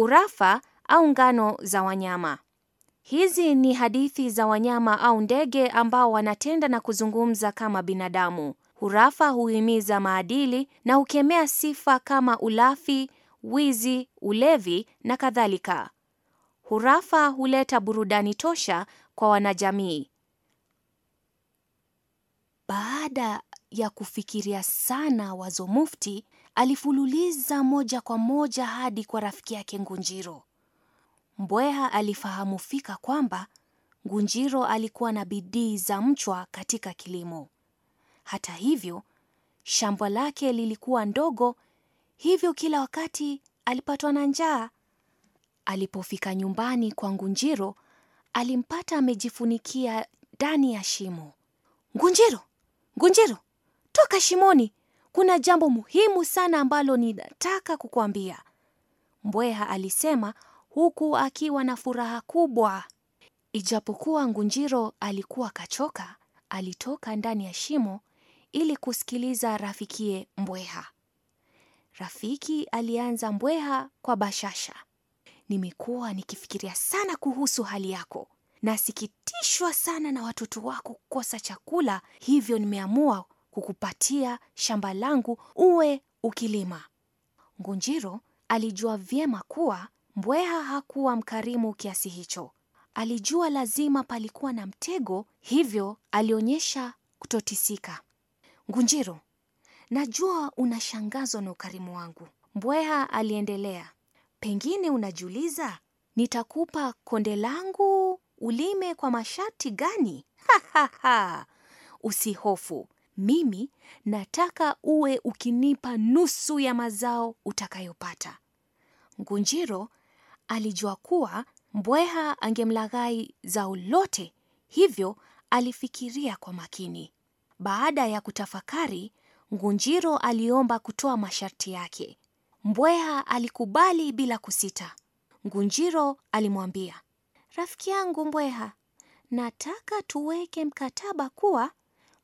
hurafa au ngano za wanyama. Hizi ni hadithi za wanyama au ndege ambao wanatenda na kuzungumza kama binadamu. Hurafa huhimiza maadili na hukemea sifa kama ulafi, wizi, ulevi na kadhalika. Hurafa huleta burudani tosha kwa wanajamii. Baada ya kufikiria sana wazo mufti alifululiza moja kwa moja hadi kwa rafiki yake Ngunjiro. Mbweha alifahamu fika kwamba Ngunjiro alikuwa na bidii za mchwa katika kilimo. Hata hivyo, shamba lake lilikuwa ndogo, hivyo kila wakati alipatwa na njaa. Alipofika nyumbani kwa Ngunjiro, alimpata amejifunikia ndani ya shimo. Ngunjiro, Ngunjiro, toka shimoni, kuna jambo muhimu sana ambalo ninataka kukuambia, mbweha alisema huku akiwa na furaha kubwa. Ijapokuwa Ngunjiro alikuwa kachoka, alitoka ndani ya shimo ili kusikiliza rafikie mbweha. Rafiki alianza mbweha kwa bashasha, nimekuwa nikifikiria sana kuhusu hali yako. Nasikitishwa sana na watoto wako kukosa chakula, hivyo nimeamua kukupatia shamba langu uwe ukilima. Ngunjiro alijua vyema kuwa mbweha hakuwa mkarimu kiasi hicho. Alijua lazima palikuwa na mtego, hivyo alionyesha kutotisika. Ngunjiro, najua unashangazwa na ukarimu wangu, mbweha aliendelea. Pengine unajiuliza nitakupa konde langu ulime kwa masharti gani? Ha ha ha! Usihofu, mimi nataka uwe ukinipa nusu ya mazao utakayopata. Ngunjiro alijua kuwa mbweha angemlaghai zao lote, hivyo alifikiria kwa makini. Baada ya kutafakari, Ngunjiro aliomba kutoa masharti yake. Mbweha alikubali bila kusita. Ngunjiro alimwambia, rafiki yangu mbweha, nataka tuweke mkataba kuwa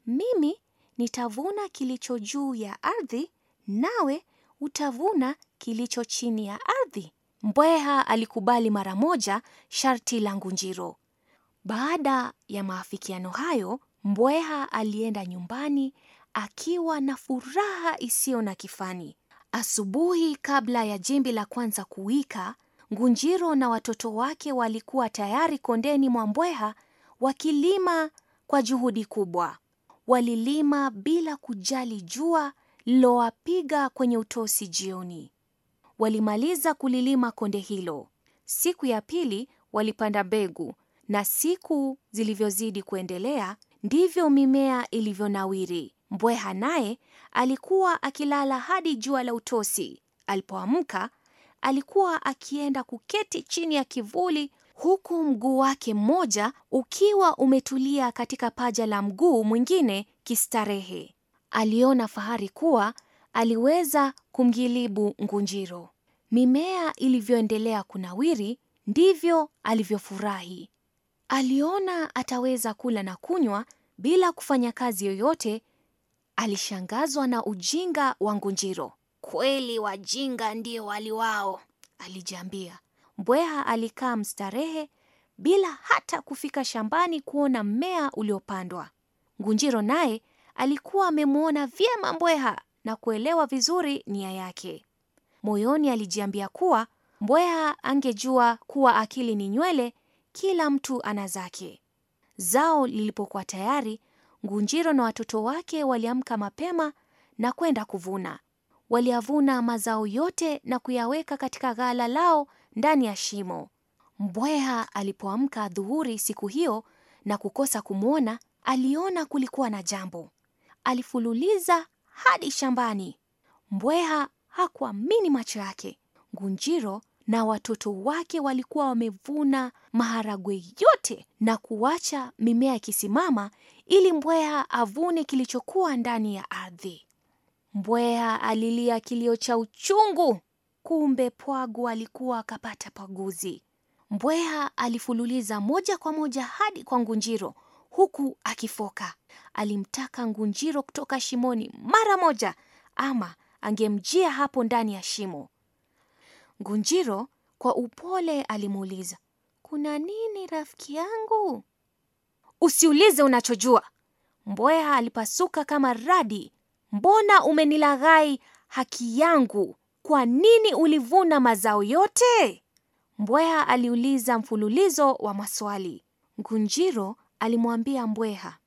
mimi nitavuna kilicho juu ya ardhi, nawe utavuna kilicho chini ya ardhi. Mbweha alikubali mara moja sharti la Ngunjiro. Baada ya maafikiano hayo, mbweha alienda nyumbani akiwa na furaha isiyo na kifani. Asubuhi, kabla ya jimbi la kwanza kuwika, Ngunjiro na watoto wake walikuwa tayari kondeni mwa mbweha wakilima kwa juhudi kubwa walilima bila kujali jua lilowapiga kwenye utosi jioni. Walimaliza kulilima konde hilo. Siku ya pili walipanda mbegu, na siku zilivyozidi kuendelea ndivyo mimea ilivyonawiri. Mbweha naye alikuwa akilala hadi jua la utosi. Alipoamka alikuwa akienda kuketi chini ya kivuli huku mguu wake mmoja ukiwa umetulia katika paja la mguu mwingine kistarehe. Aliona fahari kuwa aliweza kumgilibu ngunjiro. Mimea ilivyoendelea kunawiri ndivyo alivyofurahi. Aliona ataweza kula na kunywa bila kufanya kazi yoyote. Alishangazwa na ujinga wa ngunjiro. Kweli wajinga ndio waliwao alijiambia. Mbweha alikaa mstarehe bila hata kufika shambani kuona mmea uliopandwa. Ngunjiro naye alikuwa amemwona vyema mbweha na kuelewa vizuri nia yake. Moyoni alijiambia kuwa mbweha angejua kuwa akili ni nywele, kila mtu ana zake. Zao lilipokuwa tayari, Ngunjiro na watoto wake waliamka mapema na kwenda kuvuna. Waliyavuna mazao yote na kuyaweka katika ghala lao ndani ya shimo. Mbweha alipoamka dhuhuri siku hiyo na kukosa kumwona, aliona kulikuwa na jambo. Alifululiza hadi shambani. Mbweha hakuamini macho yake. Ngunjiro na watoto wake walikuwa wamevuna maharagwe yote na kuacha mimea ikisimama ili mbweha avune kilichokuwa ndani ya ardhi. Mbweha alilia kilio cha uchungu Kumbe Pwagu alikuwa akapata paguzi. Mbweha alifululiza moja kwa moja hadi kwa Ngunjiro huku akifoka. Alimtaka Ngunjiro kutoka shimoni mara moja, ama angemjia hapo ndani ya shimo. Ngunjiro kwa upole alimuuliza, kuna nini rafiki yangu? Usiulize unachojua, mbweha alipasuka kama radi. Mbona umenilaghai haki yangu? kwa nini ulivuna mazao yote? Mbweha aliuliza mfululizo wa maswali. Ngunjiro alimwambia mbweha,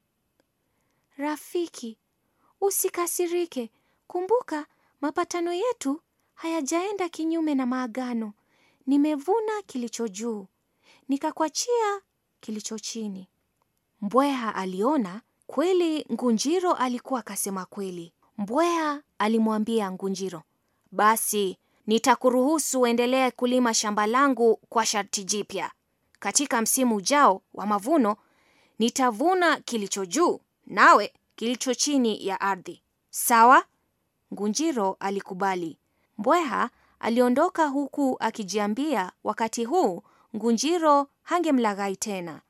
rafiki, usikasirike. Kumbuka mapatano yetu hayajaenda kinyume na maagano. Nimevuna kilicho juu, nikakwachia kilicho chini. Mbweha aliona kweli Ngunjiro alikuwa akasema kweli. Mbweha alimwambia Ngunjiro, basi nitakuruhusu uendelee kulima shamba langu kwa sharti jipya. Katika msimu ujao wa mavuno, nitavuna kilicho juu nawe kilicho chini ya ardhi. Sawa? Ngunjiro alikubali. Mbweha aliondoka huku akijiambia wakati huu Ngunjiro hangemlaghai tena.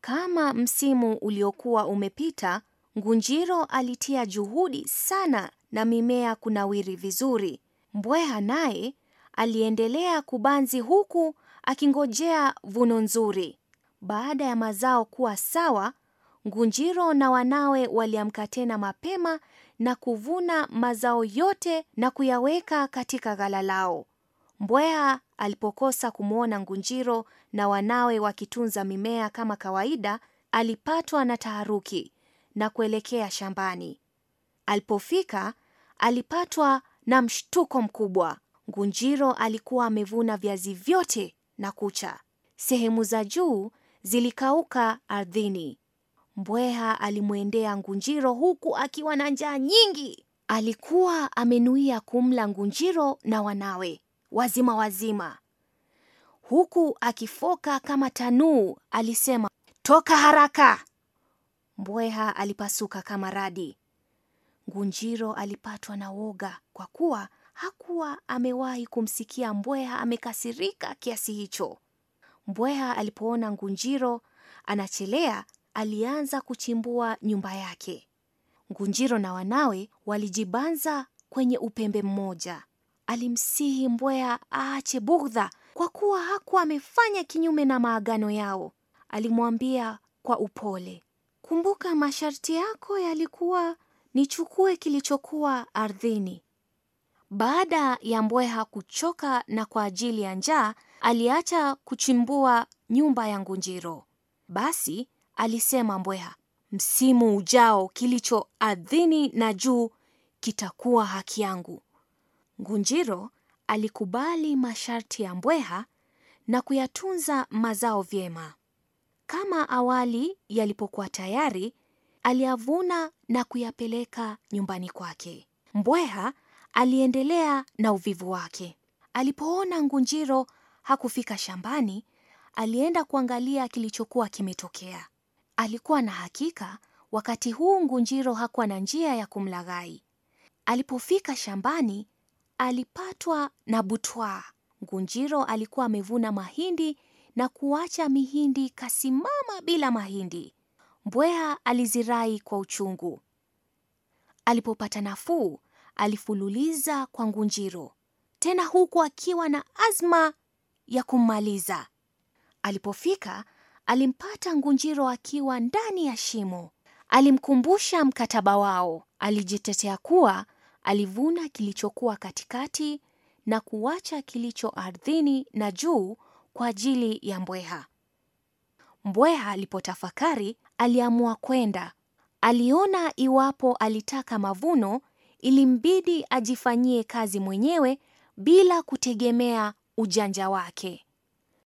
Kama msimu uliokuwa umepita, Ngunjiro alitia juhudi sana na mimea kunawiri vizuri. Mbweha naye aliendelea kubanzi huku akingojea vuno nzuri. Baada ya mazao kuwa sawa, Ngunjiro na wanawe waliamka tena mapema na kuvuna mazao yote na kuyaweka katika ghala lao. Mbweha alipokosa kumwona Ngunjiro na wanawe wakitunza mimea kama kawaida, alipatwa na taharuki na kuelekea shambani. Alipofika alipatwa na mshtuko mkubwa. Ngunjiro alikuwa amevuna viazi vyote na kucha, sehemu za juu zilikauka ardhini. Mbweha alimwendea Ngunjiro huku akiwa na njaa nyingi. Alikuwa amenuia kumla Ngunjiro na wanawe wazima wazima, huku akifoka kama tanuu. Alisema, toka haraka! Mbweha alipasuka kama radi, Ngunjiro alipatwa na woga kwa kuwa hakuwa amewahi kumsikia mbweha amekasirika kiasi hicho. Mbweha alipoona Ngunjiro anachelea, alianza kuchimbua nyumba yake. Ngunjiro na wanawe walijibanza kwenye upembe mmoja. Alimsihi mbweha aache bugdha kwa kuwa hakuwa amefanya kinyume na maagano yao. Alimwambia kwa upole, kumbuka masharti yako yalikuwa nichukue kilichokuwa ardhini. Baada ya mbweha kuchoka na kwa ajili ya njaa, aliacha kuchimbua nyumba ya ngunjiro. Basi alisema mbweha, msimu ujao kilicho ardhini na juu kitakuwa haki yangu. Ngunjiro alikubali masharti ya mbweha na kuyatunza mazao vyema. Kama awali yalipokuwa tayari, aliyavuna na kuyapeleka nyumbani kwake. Mbweha aliendelea na uvivu wake. Alipoona ngunjiro hakufika shambani, alienda kuangalia kilichokuwa kimetokea. Alikuwa na hakika wakati huu ngunjiro hakuwa na njia ya kumlaghai. Alipofika shambani, alipatwa na butwaa. Ngunjiro alikuwa amevuna mahindi na kuacha mihindi kasimama bila mahindi. Mbweha alizirai kwa uchungu. Alipopata nafuu, alifululiza kwa ngunjiro, tena huku akiwa na azma ya kummaliza. Alipofika, alimpata ngunjiro akiwa ndani ya shimo. Alimkumbusha mkataba wao. Alijitetea kuwa alivuna kilichokuwa katikati na kuacha kilicho ardhini na juu kwa ajili ya mbweha. Mbweha alipotafakari, aliamua kwenda. Aliona iwapo alitaka mavuno, ilimbidi ajifanyie kazi mwenyewe bila kutegemea ujanja wake.